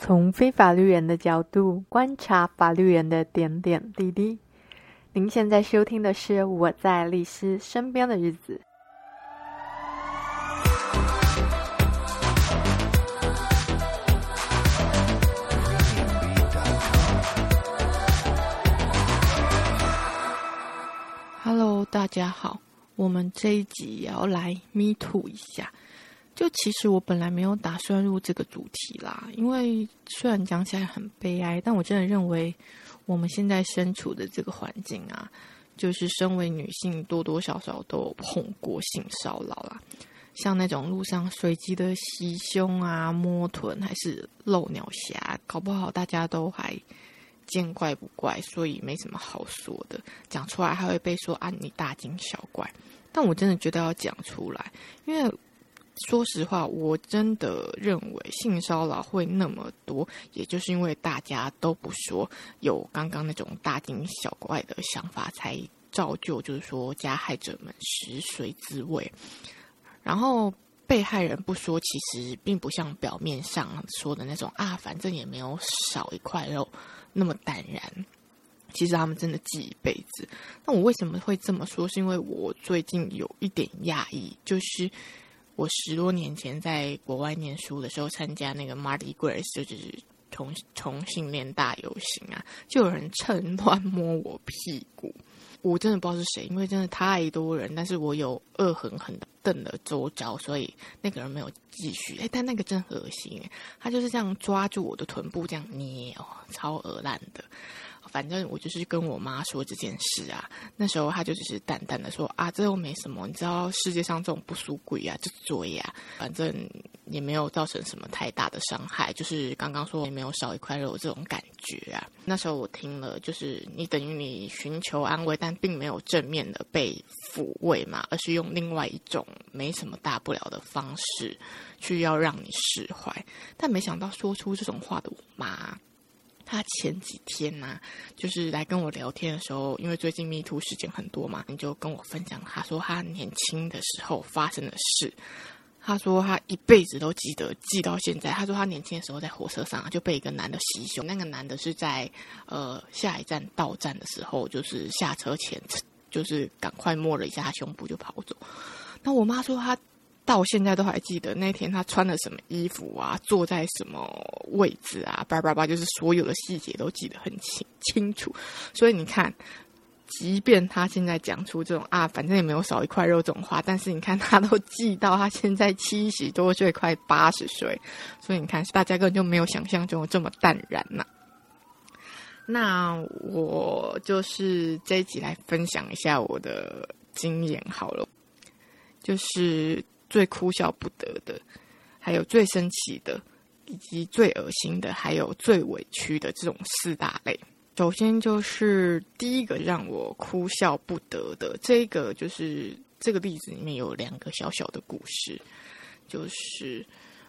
從非法律人的角度觀察法律人的點點滴滴。您現在收聽的是《我在律師身邊的日子》。Hello，大家好，我們這一集也要來 Me Too 一下。就其實我本來沒有打算入這個主題啦，因為雖然講起來很悲哀，但我真的認為我們現在身處的這個環境啊，就是身為女性多多少少都有碰過性騷擾啦，像那種路上隨機的襲胸啊、摸臀還是露鳥俠，搞不好大家都還見怪不怪，所以沒什麼好說的。講出來還會被說啊，你大驚小怪，但我真的覺得要講出來，因為。說實話，我真的認為性騷擾會那麼多，也就是因為大家都不說，有剛剛那種大驚小怪的想法，才造就就，就是說加害者們食髓知味。然後被害人不說，其實並不像表面上說的那種啊，反正也沒有少一塊肉，那麼淡然。其實他們真的記一輩子。那我為什麼會這麼說？是因為我最近有一點壓抑，就是。我十多年前在國外念書的時候，參加那個 Mardi Gras 就，就是重重性戀大遊行啊，就有人趁亂摸我屁股，我真的不知道是誰，因為真的太多人，但是我有惡狠狠的瞪了周遭，所以那個人沒有繼續。誒，但那個真噁心，他就是這樣抓住我的臀部這樣捏哦，超惡爛的。反正我就是跟我媽說這件事啊，那時候她就只是淡淡的說啊，這又沒什麼，你知道世界上這種不輸鬼啊，這衰啊，反正也沒有造成什麼太大的傷害，就是剛剛說也沒有少一塊肉這種感覺啊。那時候我聽了，就是你等於你尋求安慰，但並沒有正面的被撫慰嘛，而是用另外一種沒什麼大不了的方式去要讓你釋懷。但沒想到說出這種話的我媽。他前幾天呢、啊，就是來跟我聊天的時候，因為最近 ME TOO 事情很多嘛，你就跟我分享，他說他年輕的時候發生的事。他說他一輩子都記得，記到現在。他說他年輕的時候在火車上、啊、就被一個男的襲胸，那個男的是在呃下一站到站的時候，就是下車前，就是趕快摸了一下他胸部就跑走。那我媽說他。到現在都還記得那天他穿了什麼衣服啊，坐在什麼位置啊，叭叭叭，就是所有的細節都記得很清清楚。所以你看，即便他現在講出這種“啊，反正也沒有少一塊肉”這種話，但是你看他都記到他現在七十多歲，快八十歲。所以你看，大家根本就沒有想象中這麼淡然吶、啊。那我就是這一集來分享一下我的經驗好了，就是。最哭笑不得的，還有最生氣的，以及最噁心的，還有最委屈的這種四大類。首先就是第一個讓我哭笑不得的，這個就是這個例子裡面有兩個小小的故事，就是。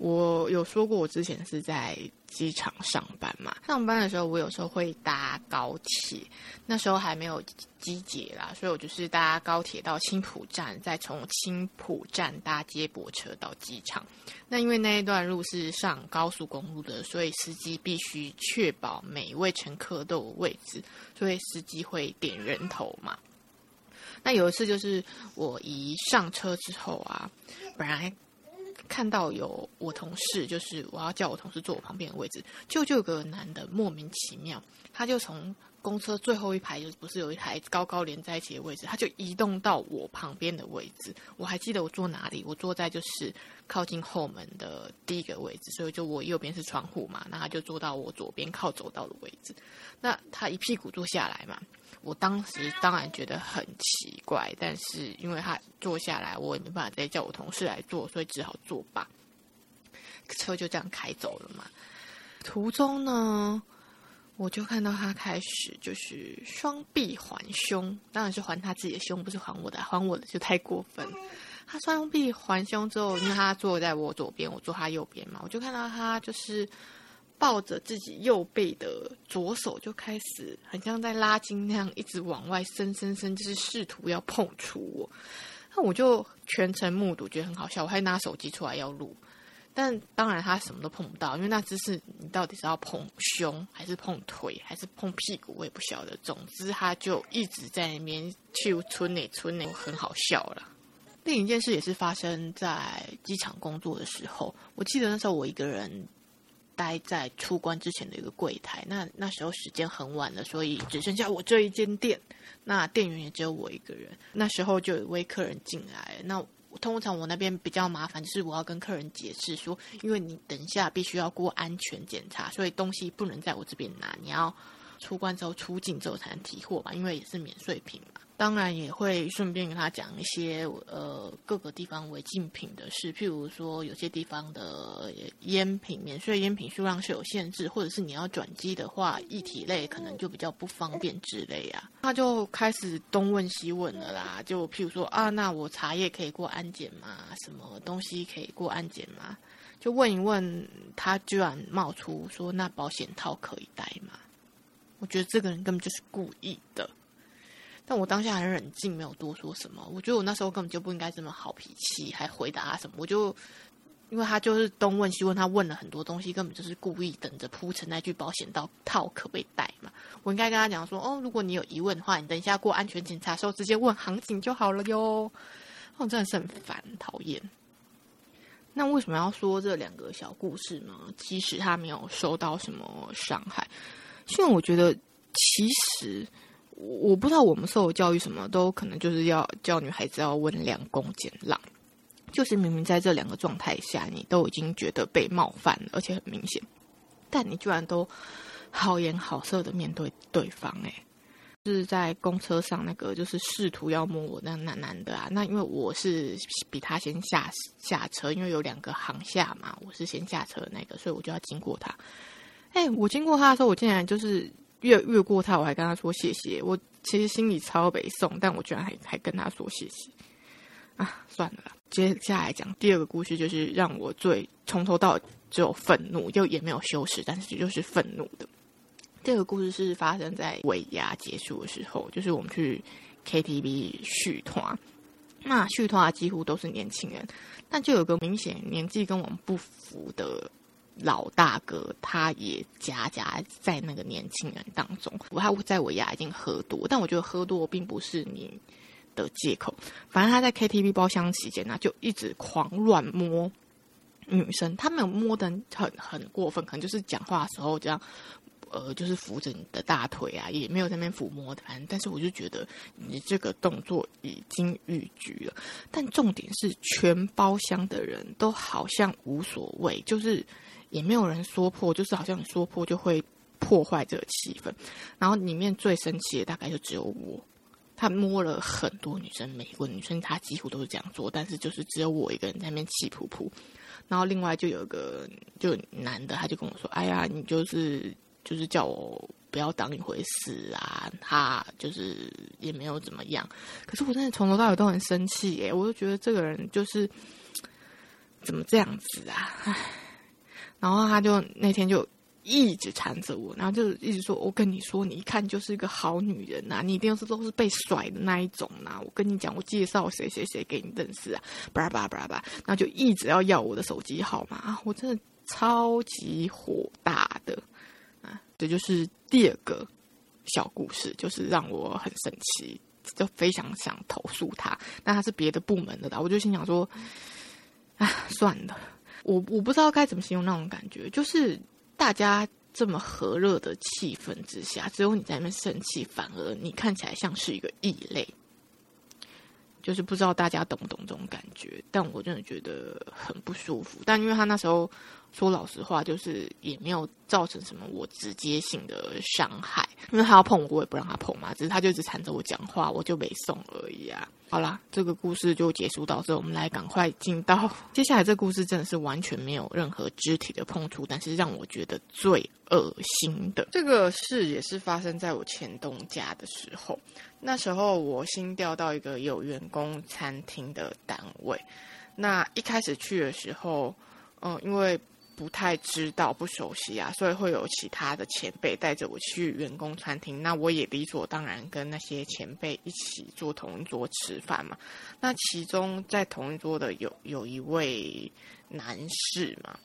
我有說過，我之前是在機場上班嘛。上班的時候，我有時候會搭高鐵，那時候還沒有機捷啦，所以我就是搭高鐵到青埔站，再從青埔站搭接駁車到機場。那因為那一段路是上高速公路的，所以司機必須確保每一位乘客都有位置，所以司機會點人頭嘛。那有一次就是我一上車之後啊，本來。看到有我同事，就是我要叫我同事坐我旁邊的位置。就就有個男的莫名其妙，他就從公車最後一排，就是不是有一排高高連在一起的位置，他就移動到我旁邊的位置。我還記得我坐哪裡，我坐在就是靠近後門的第一個位置，所以就我右邊是窗戶嘛，那他就坐到我左邊靠走道的位置。那他一屁股坐下來嘛。我當時當然覺得很奇怪，但是因為他坐下來，我也沒辦法再叫我同事來坐，所以只好作罷。車就這樣開走了嘛。途中呢，我就看到他開始就是雙臂環胸，當然是環他自己的胸，不是環我的，環我的就太過分。他雙臂環胸之後，因為他坐在我左邊，我坐他右邊嘛，我就看到他就是。抱着自己右背的左手就開始，很像在拉筋那樣，一直往外伸伸伸，就是試圖要碰觸我。那我就全程目睹，覺得很好笑，我還拿手機出來要錄。但當然他什麼都碰不到，因為那姿勢，你到底是要碰胸還是碰腿還是碰屁股，我也不曉得。總之他就一直在那邊去春內春內，我很好笑了。另一件事也是發生在機場工作的時候，我記得那時候我一個人。待在出關之前的一個櫃檯，那那時候時間很晚了，所以只剩下我這一間店，那店員也只有我一個人。那時候就有一位客人進來，那通常我那邊比較麻煩，就是我要跟客人解釋說，因為你等一下必須要過安全檢查，所以東西不能在我這邊拿，你要。出關之後出境之後才能提貨吧，因為也是免稅品嘛。當然也會順便跟他講一些呃各個地方違禁品的事，譬如說有些地方的菸品免稅菸品數量是有限制，或者是你要轉機的話，液體類可能就比較不方便之類啊。他就開始東問西問了啦，就譬如說啊，那我茶葉可以過安檢嗎？什麼東西可以過安檢嗎？就問一問，他居然冒出說那保險套可以帶嗎？我覺得這個人根本就是故意的，但我當下很冷靜，沒有多說什麼。我覺得我那時候根本就不應該這麼好脾氣，還回答他什麼。我就因為他就是東問西問，他問了很多東西，根本就是故意等着鋪陳那句保險套可不可以帶嘛。我應該跟他講說：“哦，如果你有疑問的話，你等一下過安全檢查時候直接問航警就好了喲。”那我真的是很煩，討厭。那為什麼要說這兩個小故事呢？其實他沒有受到什麼傷害。因為我覺得，其實我不知道我們受教育什麼都可能就是要教女孩子，要溫良恭儉讓，就是明明在這兩個狀態下，你都已經覺得被冒犯，而且很明顯，但你居然都好言好色的面對對方。哎，就是在公車上那個就是試圖要摸我那那男男的啊，那因為我是比他先下下車，因為有兩個行下嘛，我是先下車的那個，所以我就要經過他。哎、欸，我經過他的時候，我竟然就是越越過他，我還跟他說謝謝。我其實心裡超北宋，但我居然還還跟他說謝謝。啊，算了，接下來講第二個故事，就是讓我最從頭到尾只有憤怒又也沒有羞恥，但是就是憤怒的。這個故事是發生在尾牙結束的時候，就是我們去 KTV 續攤。那續攤幾乎都是年輕人，但就有個明顯年紀跟我們不符的。老大哥他也夾夾在那個年輕人當中，我他在我家已經喝多，但我覺得喝多並不是你的借口。反正他在 KTV 包廂期間呢、啊，就一直狂亂摸女生，他沒有摸得很很過分，可能就是講話的時候這樣，呃，就是扶着你的大腿啊，也沒有在那邊撫摸。反正，但是我就覺得你這個動作已經逾矩了。但重點是，全包廂的人都好像無所謂，就是。也沒有人說破，就是好像你說破就會破壞這個氣氛。然後裡面最生氣的大概就只有我，他摸了很多女生，每一個女生他幾乎都是這樣做，但是就是只有我一個人在那邊氣噗噗。然後另外就有個就有男的，他就跟我說：“哎呀，你就是就是叫我不要當一回事啊。”他就是也沒有怎麼樣。可是我真的從頭到尾都很生氣耶，我就覺得這個人就是怎麼這樣子啊？唉。然後他就那天就一直纏着我，然後就一直說：“我跟你說，你一看就是一個好女人吶，啊，你一定是都是被甩的那一種啊，我跟你講，我介紹誰誰誰給你認識啊，巴拉巴拉巴拉。那就一直要要我的手機號碼，啊，我真的超級火大的啊！這就，就是第二個小故事，就是讓我很生氣，就非常想投訴他。但他是別的部門的啦，我就心想說：“啊，算了。”我我不知道該怎麼形容那種感覺，就是大家這麼和熱的氣氛之下，只有你在那邊生氣，反而你看起來像是一個異類，就是不知道大家懂不懂這種感覺，但我真的覺得很不舒服。但因為他那時候。說老實話，就是也沒有造成什麼我直接性的傷害，因為他要碰我，我也不讓他碰嘛。只是他就一直纏着我講話，我就沒送而已啊。好啦，這個故事就結束到這，我們來趕快進到接下來這個故事，真的是完全沒有任何肢體的碰觸，但是讓我覺得最惡心的這個事，也是發生在我前東家的時候。那時候我新調到一個有員工餐廳的單位，那一開始去的時候，嗯，因為不太知道，不熟悉啊，所以會有其他的前輩帶着我去員工餐廳，那我也理所當然跟那些前輩一起坐同一桌吃飯嘛。那其中在同一桌的有有一位男士嘛，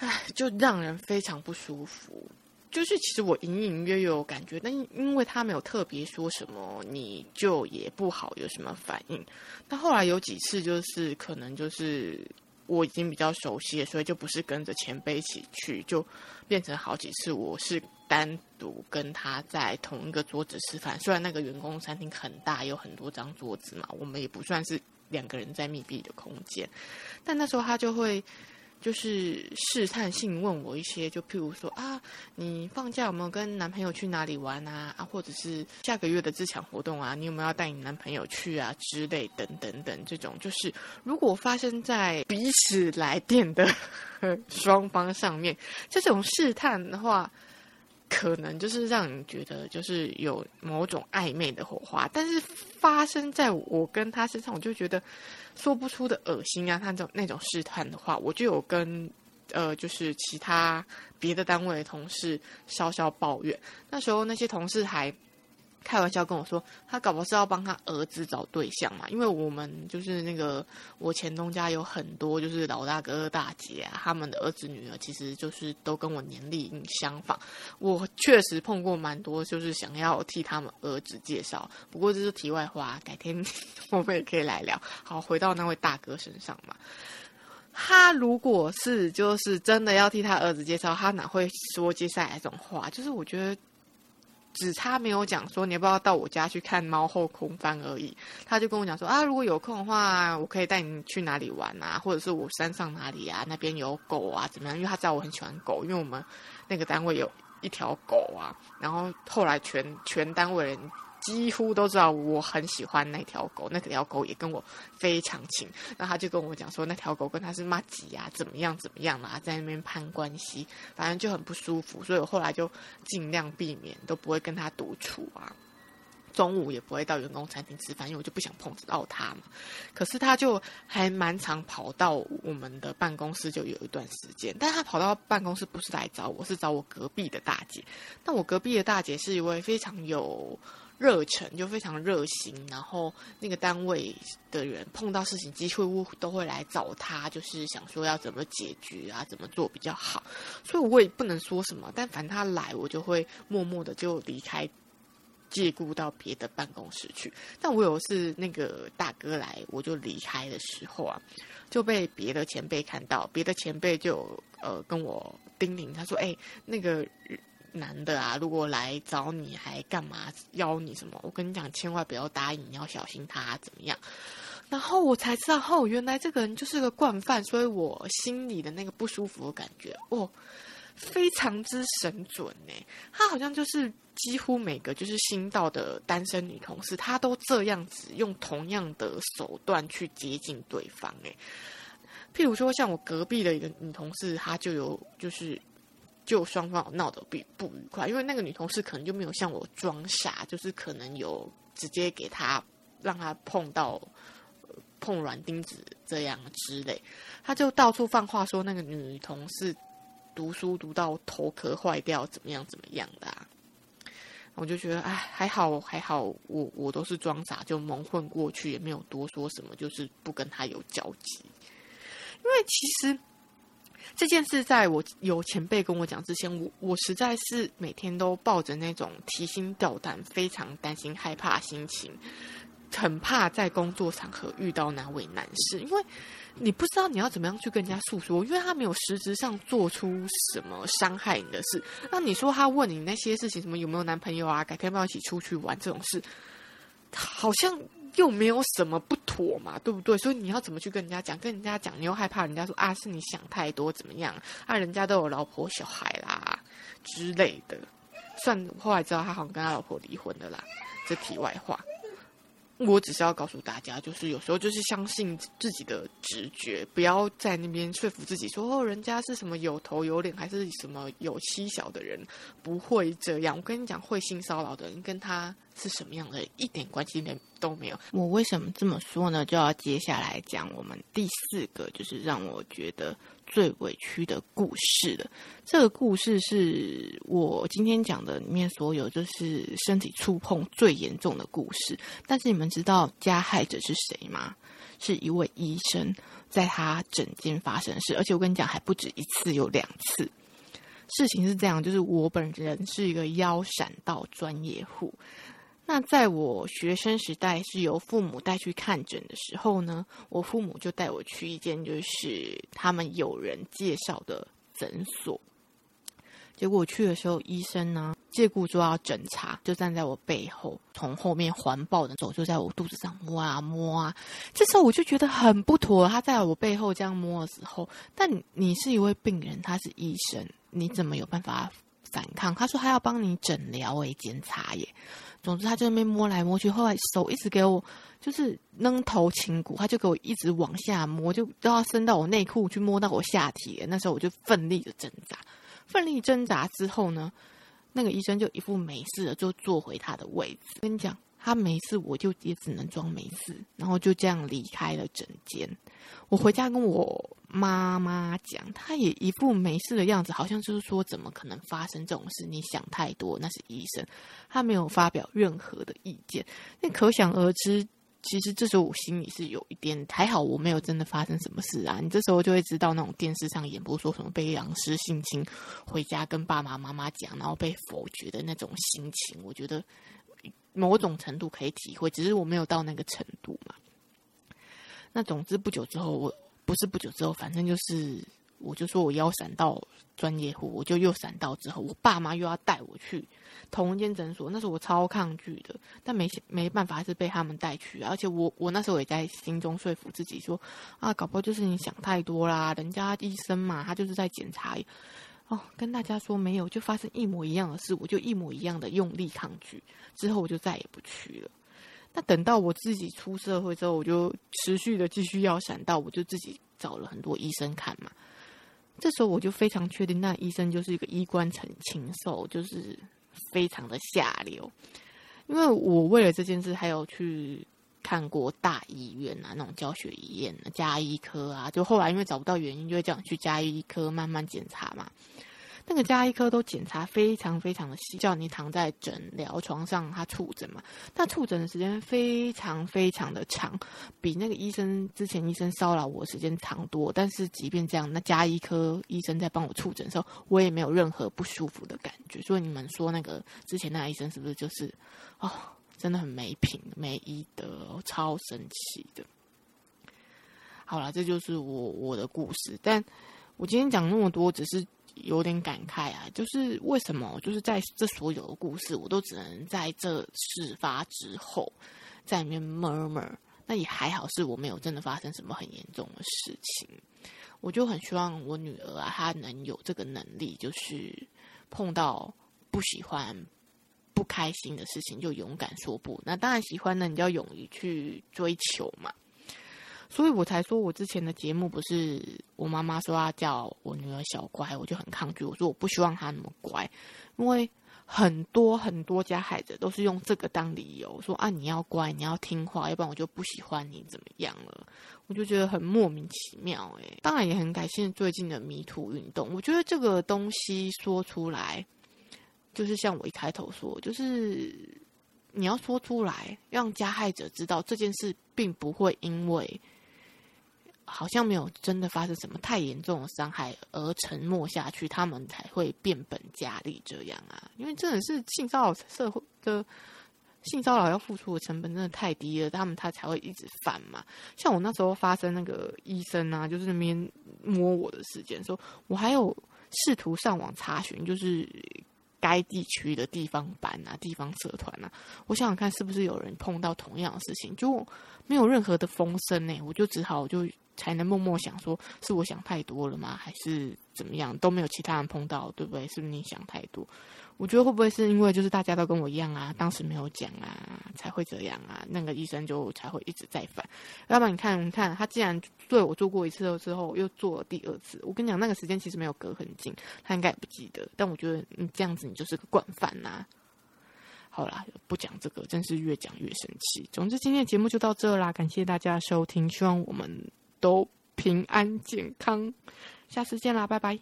唉，就讓人非常不舒服。就是其實我隱隱約約有感覺，但因為他沒有特別說什麼，你就也不好有什麼反應。但後來有幾次就是可能就是。我已經比較熟悉了，所以就不是跟着前輩一起去，就變成好幾次我是單獨跟他在同一個桌子吃飯。雖然那個員工餐廳很大，有很多張桌子嘛，我們也不算是兩個人在密閉的空間，但那時候他就會。就是試探性問我一些，就譬如說啊，你放假有沒有跟男朋友去哪裡玩啊？啊，或者是下個月的自強活動啊，你有沒有要帶你男朋友去啊之類等等等這種，就是如果發生在彼此來電的 雙方上面，這種試探的話。可能就是讓你覺得就是有某種曖昧的火花，但是發生在我跟他身上，我就覺得說不出的噁心啊！他那種那種試探的話，我就有跟呃，就是其他別的單位的同事稍稍抱怨。那時候那些同事還，開玩笑跟我說，他搞不好是要幫他兒子找對象嘛？因為我們就是那個我前東家有很多，就是老大哥、大姐啊，他們的兒子、女兒，其實就是都跟我年齡相仿。我確實碰過蠻多，就是想要替他們兒子介紹。不過這是題外話，改天我們也可以來聊。好，回到那位大哥身上嘛，他如果是就是真的要替他兒子介紹，他哪會說接下來這種話？就是我覺得。只差沒有講說你要不要到我家去看貓後空翻而已，他就跟我講說啊，如果有空的話，我可以帶你去哪裡玩啊，或者是我山上哪裡啊，那邊有狗啊怎麼樣？因為他知道我很喜歡狗，因為我們那個單位有一條狗啊，然後後來全全單位人。幾乎都知道我很喜歡那條狗，那條狗也跟我非常親。那他就跟我講說，那條狗跟他是麻吉啊，怎麼樣怎麼樣啦、啊，在那邊攀關係，反正就很不舒服。所以我後來就盡量避免，都不會跟他獨處啊，中午也不會到員工餐廳吃飯，因為我就不想碰到他嘛。可是他就還蠻常跑到我們的辦公室，就有一段時間。但他跑到辦公室不是來找我，是找我隔壁的大姐。那我隔壁的大姐是一位非常有。熱忱就非常熱心，然後那個單位的人碰到事情幾乎都會來找他，就是想說要怎麼解決啊，怎麼做比較好。所以我也不能說什麼，但凡他來，我就會默默的就離開，借故到別的辦公室去。但我有一次那個大哥來，我就離開的時候啊，就被別的前輩看到，別的前輩就呃跟我叮嚀，他說：“哎、欸，那個。”男的啊，如果來找你還幹嘛邀你什麼？我跟你講，千萬不要答應，你要小心他，啊、怎麼樣。然後我才知道，哦，原來這個人就是個慣犯，所以我心裡的那個不舒服的感覺，哦，非常之神準呢。他好像就是幾乎每個就是新到的單身女同事，他都這樣子用同樣的手段去接近對方。哎，譬如說像我隔壁的一個女同事，她就有就是。就雙方鬧得不不愉快，因為那個女同事可能就沒有像我裝傻，就是可能有直接給她讓她碰到碰軟釘子這樣之類，她就到處放話說那個女同事讀書讀到頭殼壞掉，怎麼樣怎麼樣的啊，我就覺得哎，還好還好，我我都是裝傻就矇混過去，也沒有多說什麼，就是不跟她有交集，因為其實。這件事在我有前輩跟我講之前，我我實在是每天都抱着那種提心吊膽、非常擔心害怕心情，很怕在工作場合遇到那位男士，因為你不知道你要怎麼樣去跟人家訴說，因為他沒有實質上做出什麼傷害你的事。那你說他問你那些事情，什麼有沒有男朋友啊，改天要不要一起出去玩這種事，好像。又沒有什麼不妥嘛，對不對？所以你要怎麼去跟人家講？跟人家講，你又害怕人家說啊，是你想太多，怎麼樣？啊，人家都有老婆小孩啦之類的。算後來知道他好像跟他老婆離婚了啦。這題外話。我只是要告訴大家，就是有時候就是相信自己的直覺，不要在那邊說服自己說哦，人家是什麼有頭有臉，還是什麼有妻小的人不會這樣。我跟你講，會性騷擾的人跟他是什麼樣的一點關係一點都沒有。我為什麼這麼說呢？就要接下來講我們第四個，就是讓我覺得。最委屈的故事了。這個故事是我今天講的裡面所有，就是身體觸碰最嚴重的故事。但是你們知道加害者是誰嗎？是一位醫生，在他診間發生的事，而且我跟你講還不止一次，有兩次。事情是這樣，就是我本人是一個腰閃到專業戶。那在我學生時代是由父母帶去看診的時候呢，我父母就帶我去一間就是他們有人介紹的診所。結果我去的時候，醫生呢借故說要診查，就站在我背後，從後面環抱着走，就在我肚子上摸啊摸啊。這時候我就覺得很不妥，他在我背後這樣摸的時候，但你是一位病人，他是醫生，你怎麼有辦法反抗？他說他要幫你診療，為檢查耶。總之，他就在那邊摸來摸去，後來手一直給我，就是扔頭頸骨，他就給我一直往下摸，就都要伸到我內褲去摸到我下體。那時候我就奮力的掙扎，奮力掙扎之後呢，那個醫生就一副沒事了，就坐回他的位置。跟你講，他沒事，我就也只能裝沒事，然後就這樣離開了診間。我回家跟我媽媽講，她也一副沒事的樣子，好像就是說，怎麼可能發生這種事？你想太多，那是醫生，她沒有發表任何的意見。那可想而知，其實這時候我心裡是有一點，還好我沒有真的發生什麼事啊。你這時候就會知道，那種電視上演播說什麼被老師性侵，回家跟爸爸媽媽講，然後被否決的那種心情，我覺得某種程度可以體會，只是我沒有到那個程度嘛。那總之，不久之後我。不是不久之後，反正就是，我就說我腰閃到專業戶，我就又閃到之後，我爸媽又要帶我去同一間診所，那時候我超抗拒的，但沒沒辦法，還是被他們帶去啊。而且我我那時候也在心中說服自己說，啊，搞不好就是你想太多啦，人家醫生嘛，他就是在檢查。哦，跟大家說沒有，就發生一模一樣的事，我就一模一樣的用力抗拒，之後我就再也不去了。那等到我自己出社會之後，我就持續的繼續要閃到，我就自己找了很多醫生看嘛。這時候我就非常確定，那醫生就是一個衣冠成禽獸，就是非常的下流。因為我為了這件事，還有去看過大醫院啊，那種教學醫院啊，家醫科啊。就後來因為找不到原因，就這樣去家醫科慢慢檢查嘛。那個家醫科都檢查非常非常的細，叫你躺在診療床上，他觸診嘛。那觸診的時間非常非常的長，比那個醫生之前醫生騷擾我時間長多。但是即便這樣，那家醫科醫生在幫我觸診的時候，我也沒有任何不舒服的感覺。所以你們說那個之前那個醫生是不是就是哦？真的很沒品、沒醫德、超神奇的？好了，這就是我我的故事。但我今天講那麼多，只是。有點感慨啊，就是為什麼，就是在這所有的故事，我都只能在這事發之後，在裡面 murmur, 那也還好，是我沒有真的發生什麼很嚴重的事情。我就很希望我女兒啊，她能有這個能力，就是碰到不喜歡、不開心的事情，就勇敢說不。那當然，喜歡的你就要勇於去追求嘛。所以我才說，我之前的節目不是我媽媽說她叫我女兒小乖，我就很抗拒。我說我不希望她那麼乖，因為很多很多加害者都是用這個當理由，說啊你要乖，你要聽話，要不然我就不喜歡你怎麼樣了。我就覺得很莫名其妙誒、欸，當然也很感謝最近的 Me Too 運動，我覺得這個東西說出來，就是像我一開頭說，就是你要說出來，讓加害者知道這件事並不會因為。好像沒有真的發生什麼太嚴重的傷害而沉默下去，他們才會變本加厲這樣啊！因為真的是性騷擾，社會的性騷擾要付出的成本真的太低了，他們他才會一直犯嘛。像我那時候發生那個醫生啊，就是那邊摸我的事件，說我還有試圖上網查詢，就是該地區的地方版啊、地方社團啊，我想想看是不是有人碰到同樣的事情，就沒有任何的風聲呢、欸，我就只好就。才能默默想說，是我想太多了嗎？還是怎麼樣？都沒有其他人碰到，對不對？是不是你想太多？我覺得會不會是因為就是大家都跟我一樣啊，當時沒有講啊，才會這樣啊？那個醫生就才會一直在犯。要不然你看，你看他既然對我做過一次之後，又做了第二次。我跟你講，那個時間其實沒有隔很近，他應該也不記得。但我覺得你這樣子，你就是個慣犯吶、啊。好啦，不講這個，真是越講越生氣。總之，今天的節目就到這啦，感謝大家的收聽，希望我們。都平安健康，下次見啦，拜拜。